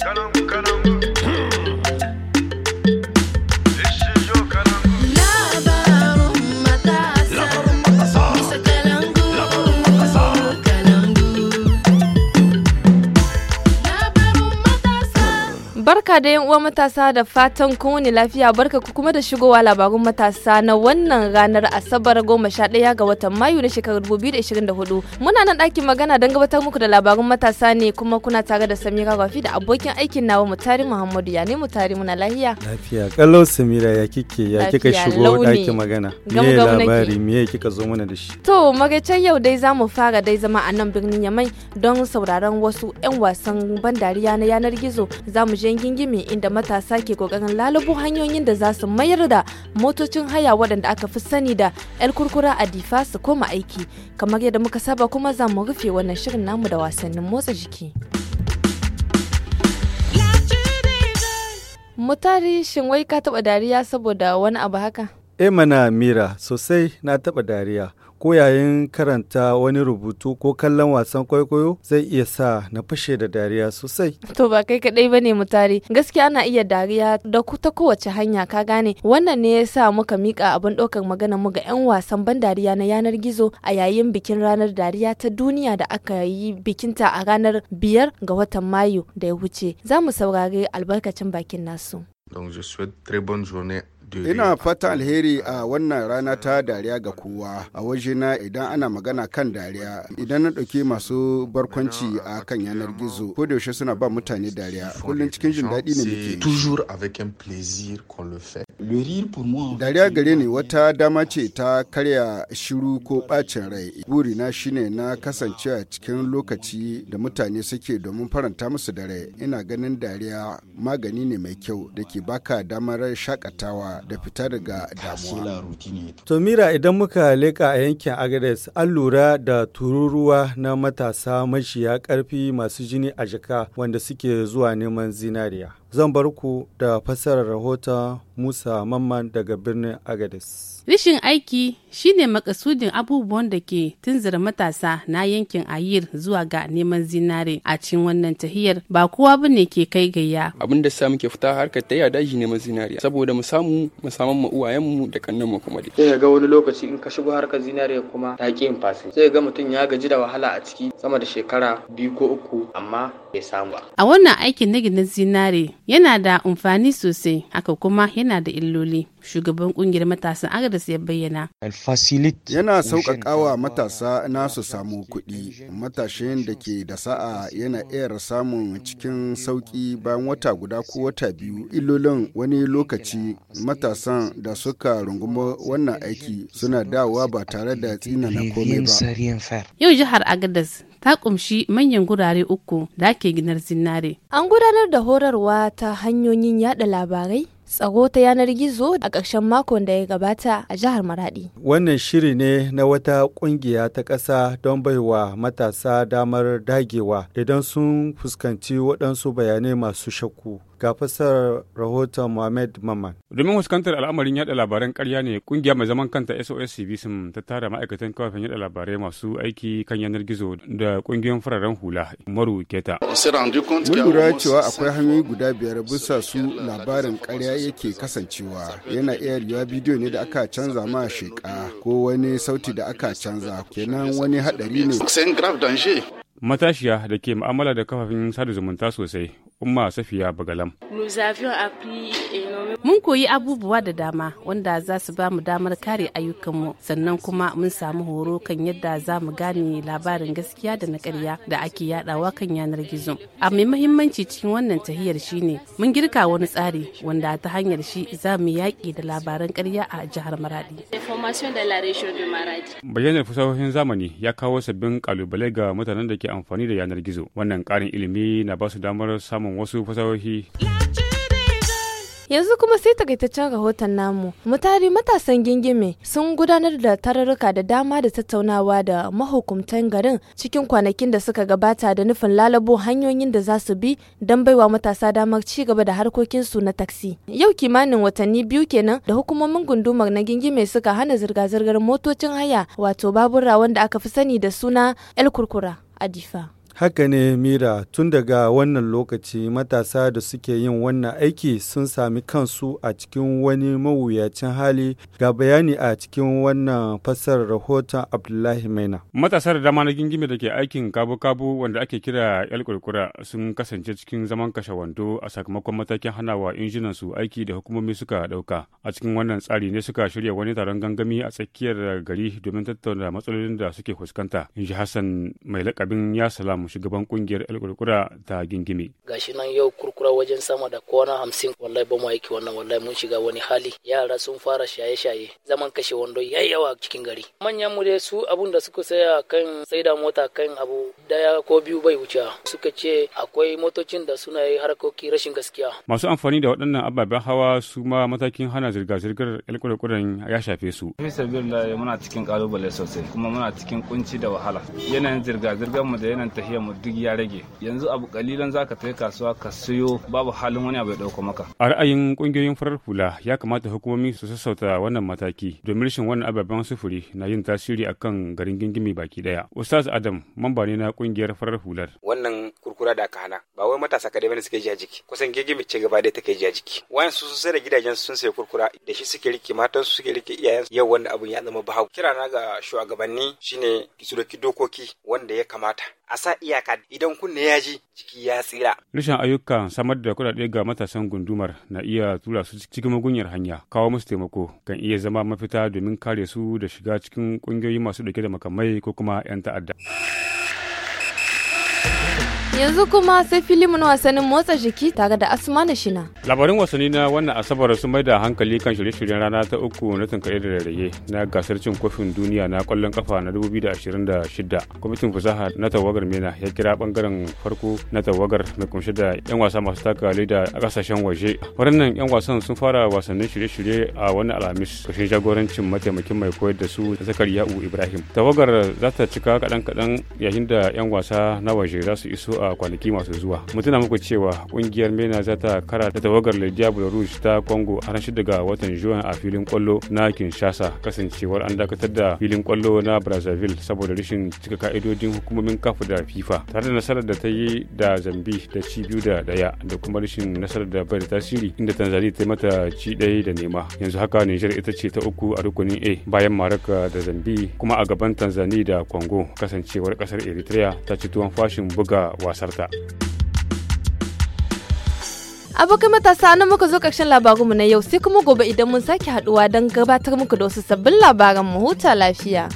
Caramba, caramba. Barka da yan uwa matasa da fatan kowane lafiya barka ku kuma da shigowa labarun matasa na wannan ranar Asabar goma sha ɗaya ga watan Mayu na shekarar 2024. Muna nan ɗakin magana don gabatar muku da labarun matasa ne kuma kuna tare da Samira Rafi da abokin aikin nawa Mutari Muhammadu ya ne Mutari muna lahiya. Lafiya kalo Samira ya kike ya kika shigo ɗakin magana. Me labari me kika zo mana da shi? To magacin yau dai za mu fara dai zama a nan birnin Yamai don sauraron wasu 'yan wasan ban dariya na yanar gizo za je gingimi inda matasa ke kokarin lalubo hanyoyin da za su mayar da motocin haya waɗanda aka fi sani da 'yar kurkura a difa su koma aiki kamar yadda muka saba kuma za mu rufe wannan shirin namu da wasannin motsa jiki. Mutari shin wai ka taba dariya saboda wani abu haka? Eh mana mira sosai na taba dariya. ko yayin karanta wani rubutu ko kallon wasan kwaikwayo zai iya sa na fashe da dariya sosai. To ba kai kaɗai ba ne mutare gaskiya ana iya dariya da ku ta kowace hanya ka gane wannan ne ya sa muka mika abin ɗaukar magana mu ga 'yan wasan ban dariya na yanar gizo a yayin bikin ranar dariya ta duniya da aka yi bikinta a ranar biyar ga watan Mayu da ya wuce. Za mu saurari albarkacin bakin nasu. Donc je souhaite très bonne journée Ina fata alheri a wannan rana ta dariya ga kowa. A wajena idan ana magana kan dariya, idan na ɗauki masu barkwanci a kan yanar gizo, ko da yaushe suna ba mutane dariya. Kullum cikin jin daɗi ne muke. Toujours avec un plaisir qu'on le fait. Dariya gare ni wata dama ce ta karya shiru ko bacin rai. Burina shine na kasance a cikin lokaci da mutane suke domin faranta musu da rai. Ina ganin dariya magani ne mai kyau da ke baka damar shakatawa da fita daga damuwa. To mira idan muka leƙa a yankin Agadez an lura da tururuwa na matasa mashiya ƙarfi masu jini a jaka wanda suke zuwa neman zinariya. zan bar ku da fassarar rahoton Musa Mamman daga birnin Agadis. Rishin aiki shine makasudin abubuwan da ke tunzura matasa na yankin Ayir zuwa ga neman zinare a cikin wannan tahiyar ba kowa bane ke kai gayya. Abin da samu ke fita harkar ta daji neman zinare saboda mu samu mu samu mu da kannan mu kuma dai. Sai ga wani lokaci in ka shigo harkar zinare kuma ta ki fasi. Sai ga mutum ya gaji da wahala a ciki sama da shekara biyu ko uku amma bai samu ba. A wannan aikin na zinare yana da amfani sosai haka kuma yana da illoli shugaban kungiyar matasan agadas ya bayyana yana sauƙaƙawa matasa na su samu kuɗi matashin da ke da sa'a yana iya samun cikin sauƙi bayan wata guda ko wata biyu illolin wani lokaci matasan da suka runguma wannan aiki suna dawowa ba tare da tsinana komai ba yau jihar agadas ta kumshi manyan gurare uku da ake ginar zinare. An gudanar da horarwa ta hanyoyin yada labarai tsaro ta yanar gizo a ƙarshen makon da ya gabata a jihar maradi wannan shiri ne na wata ƙungiya ta ƙasa don baiwa matasa damar dagewa idan sun fuskanci waɗansu bayanai masu shakku Ga fasar rahoton Mohamed Maman. Domin huskantar al'amarin yada labaran karya ne kungiya mai zaman kanta SOS CBSM ta tara ma'aikatan kafafen yada labarai masu aiki kan yanar gizo da kungiyoyin fararen hula Umaru Keta. Mun lura cewa akwai hanyoyi guda biyar bisa su labarin karya yake kasancewa yana iya yiwuwa bidiyo ne da aka canza ma sheka ko wani sauti da aka canza kenan wani hadari ne. matashiya da ke ma'amala da kafafen sada zumunta sosai Umma Safiya Bagalam. Mun koyi abubuwa da dama wanda za su ba mu damar kare ayyukanmu sannan kuma mun samu horo kan yadda za mu gane labarin gaskiya da na karya da ake yadawa kan yanar gizo. A mai mahimmanci cikin wannan tahiyar shine mun girka wani tsari wanda ta hanyar shi za mu yaƙi da labaran karya a jihar Maradi. Bayanar fasahohin zamani ya kawo sabbin kalubale ga mutanen da ke amfani da yanar gizo. Wannan ƙarin ilimi na ba su damar samun samun wasu fasahohi. yanzu kuma sai takaitaccen rahoton namu mutari matasan gingime sun gudanar da tararruka da dama da tattaunawa da mahukumtan garin cikin kwanakin da suka gabata da nufin lalabo hanyoyin da za su bi don baiwa matasa damar ci gaba da harkokinsu na taksi yau kimanin watanni biyu kenan da hukumomin gundumar na gingime suka hana zirga-zirgar motocin haya wato babura wanda aka fi sani da suna el kurkura adifa Haka ne Mira tun daga wannan lokaci matasa da suke yin wannan aiki sun sami kansu a cikin wani mawuyacin hali ga bayani a cikin wannan fasar rahoton Abdullahi Maina. Matasar da dama na gingime da ke aikin kabu-kabu wanda ake kira yal kurkura sun kasance cikin zaman kashe wando a sakamakon matakin hanawa injinan su aiki da hukumomi suka dauka. A cikin wannan tsari ne suka shirya wani taron gangami a tsakiyar gari domin tattauna matsalolin da suke fuskanta. In ji Hassan mai lakabin ya salamu. shugaban kungiyar El Kurkura ta Gingime. Gashi nan yau kurkura wajen sama da kona hamsin wallahi ba mu aiki wannan wallahi mun shiga wani hali yara sun fara shaye-shaye zaman kashe wando ya yawa cikin gari. Manyan mu dai su abun da suka saya kan saida mota kan abu daya ko biyu bai wuce suka ce akwai motocin da suna yi harkoki rashin gaskiya. Masu amfani da waɗannan ababen hawa su ma matakin hana zirga-zirgar El ya shafe su. muna cikin kalubale sosai kuma muna cikin kunci da wahala. Yanayin zirga-zirgar mu da yanayin tafiya mu duk ya rage yanzu abu kalilan zaka ta kasuwa ka siyo babu halin wani abu ya dauko maka a ra'ayin kungiyoyin farar hula ya kamata hukumomi su sassauta wannan mataki domin rashin wannan ababen sufuri na yin tasiri akan garin gingimi baki daya ustaz adam mamba ne na kungiyar farar hular wannan kurkura da aka hana ba wai matasa kadai bane suke ji jiki kusan gingimi ce gaba da take ji jiki wayan su sun sai da gidajen sun sai kurkura da shi suke rike matan su suke rike iyayen su. yau wannan abu ya zama bahawu kira na ga shugabanni shine su dokoki wanda ya kamata a sa iyaka idan kunne ya ji jiki ya tsira. Rashin ayyuka samar da kuɗaɗe ga matasan gundumar na iya tura su cikin magunyar hanya kawo musu taimako kan iya zama mafita domin kare su da shiga cikin ƙungiyoyi masu ɗauke da makamai ko kuma 'yan ta'adda. Yanzu kuma sai filimin wasannin motsa jiki tare da Asma na Shina. Labarin wasanni na wannan Asabar sun mai da hankali kan shirye-shiryen rana ta uku na tunkare da rarraye na gasar cin kofin duniya na kwallon kafa na 2026. Kwamitin fasaha na tawagar MENA ya kira bangaren farko na tawagar mai kunshe da 'yan wasa masu taka da a kasashen waje. Waɗannan 'yan wasan sun fara wasannin shirye-shirye a wani Alhamis kashin jagorancin mataimakin mai koyar da su Zakariya Ibrahim. Tawagar za ta cika kaɗan-kaɗan yayin da 'yan wasa na waje za su iso a a kwanaki masu zuwa mu tuna muku cewa kungiyar mena za ta kara ta tawagar le diablo rouge ta congo a ranar daga watan juin a filin kwallo na kinshasa kasancewar an dakatar da filin kwallo na brazzaville saboda rashin cika ka'idodin hukumomin kafa da fifa tare da nasarar da ta yi da zambi da ci biyu da daya da kuma rashin nasarar da bai da tasiri inda tanzania ta mata ci ɗaya da nema yanzu haka niger ita ce ta uku a rukunin a bayan maraka da zambi kuma a gaban tanzania da congo kasancewar kasar eritrea ta ci tuwon fashin buga wasa ƙasarta. abokan matasa nan muka zo labarun mu na yau sai kuma gobe idan mun sake haduwa don gabatar muku da wasu sabbin labaran mu huta lafiya.